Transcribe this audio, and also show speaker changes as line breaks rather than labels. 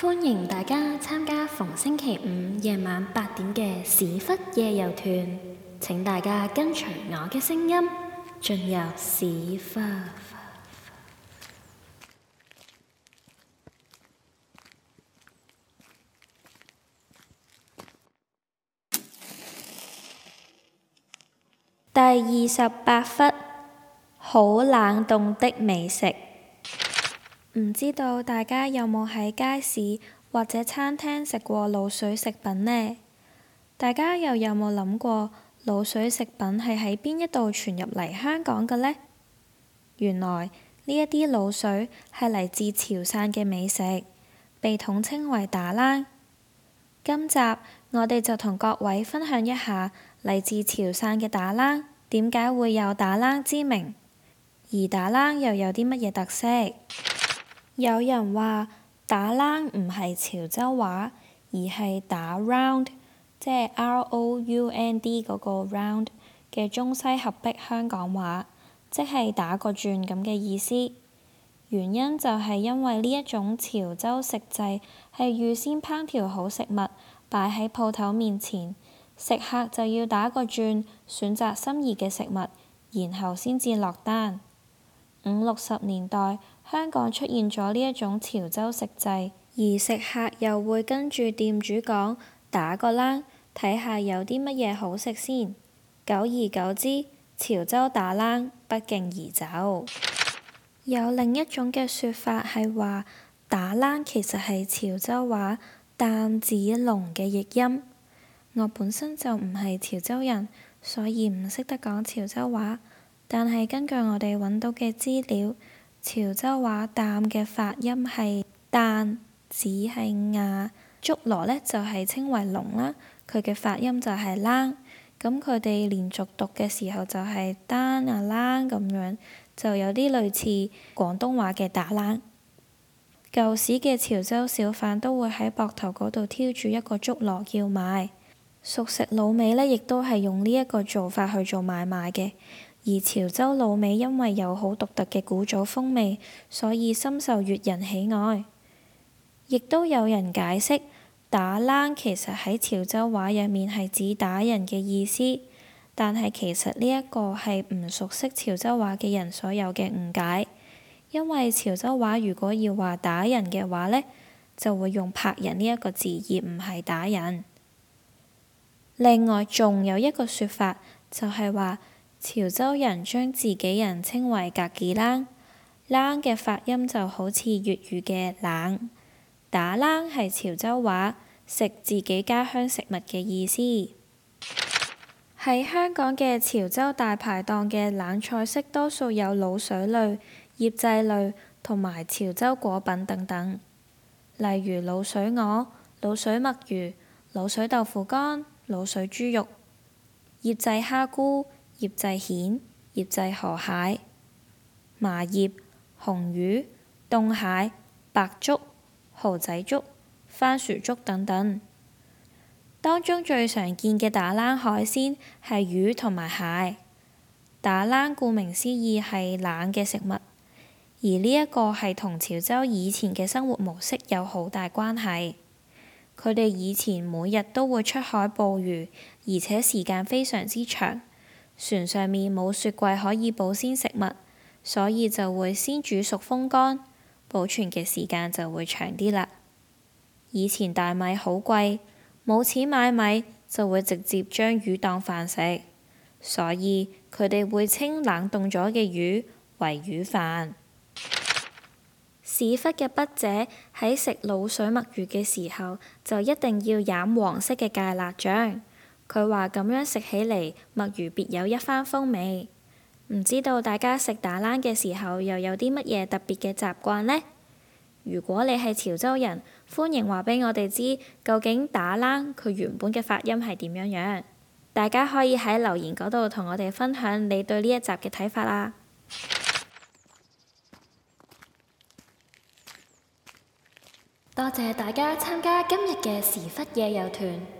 歡迎大家參加逢星期五夜晚八點嘅史窟夜遊團。請大家跟隨我嘅聲音，進入史窟。第二十八窟，好冷凍的美食。唔知道大家有冇喺街市或者餐廳食過滷水食品呢？大家又有冇諗過滷水食品係喺邊一度傳入嚟香港嘅呢？原來呢一啲滷水係嚟自潮汕嘅美食，被統稱為打冷。今集我哋就同各位分享一下嚟自潮汕嘅打冷，點解會有打冷之名，而打冷又有啲乜嘢特色？有人話打冷唔係潮州話，而係打 round，即係 r o u n d 嗰個 round 嘅中西合璧香港話，即係打個轉咁嘅意思。原因就係因為呢一種潮州食制係預先烹調好食物擺喺鋪頭面前，食客就要打個轉，選擇心儀嘅食物，然後先至落單。五六十年代，香港出現咗呢一種潮州食制，而食客又會跟住店主講打個冷，睇下有啲乜嘢好食先。久而久之，潮州打冷不脛而走。有另一種嘅説法係話，打冷其實係潮州話蛋子籠嘅譯音。我本身就唔係潮州人，所以唔識得講潮州話，但係根據我哋揾到嘅資料。潮州話擔嘅發音係丹，只係亞，竹螺呢，就係稱為籠啦，佢嘅發音就係啷，咁佢哋連續讀嘅時候就係丹啊啷咁樣，就有啲類似廣東話嘅打冷。舊時嘅潮州小販都會喺膊頭嗰度挑住一個竹螺叫賣，熟食老味呢，亦都係用呢一個做法去做買賣嘅。而潮州滷味因為有好獨特嘅古早風味，所以深受粵人喜愛，亦都有人解釋，打冷其實喺潮州話入面係指打人嘅意思，但係其實呢一個係唔熟悉潮州話嘅人所有嘅誤解，因為潮州話如果要話打人嘅話呢，就會用拍人呢一個字，而唔係打人。另外，仲有一個說法，就係話。潮州人將自己人稱為格幾冷，冷嘅發音就好似粵語嘅冷，打冷係潮州話，食自己家鄉食物嘅意思。喺香港嘅潮州大排檔嘅冷菜式多數有滷水類、醃製類同埋潮州果品等等，例如滷水鵝、滷水墨魚、滷水豆腐乾、滷水豬肉、醃製蝦菇。醃製蜆、醃製河蟹、麻葉、紅魚、凍蟹、白粥、蠔仔粥、番薯粥等等，當中最常見嘅打冷海鮮係魚同埋蟹。打冷顧名思義係冷嘅食物，而呢一個係同潮州以前嘅生活模式有好大關係。佢哋以前每日都會出海捕魚，而且時間非常之長。船上面冇雪櫃可以保鮮食物，所以就會先煮熟、風乾，保存嘅時間就會長啲啦。以前大米好貴，冇錢買米，就會直接將魚當飯食，所以佢哋會稱冷凍咗嘅魚為魚飯。屎忽嘅筆者喺食滷水墨魚嘅時候，就一定要飲黃色嘅芥辣醬。佢話：咁樣食起嚟墨魚別有一番風味。唔知道大家食打冷嘅時候又有啲乜嘢特別嘅習慣呢？如果你係潮州人，歡迎話俾我哋知，究竟打冷佢原本嘅發音係點樣樣？大家可以喺留言嗰度同我哋分享你對呢一集嘅睇法啦。多謝大家參加今日嘅時忽夜遊團。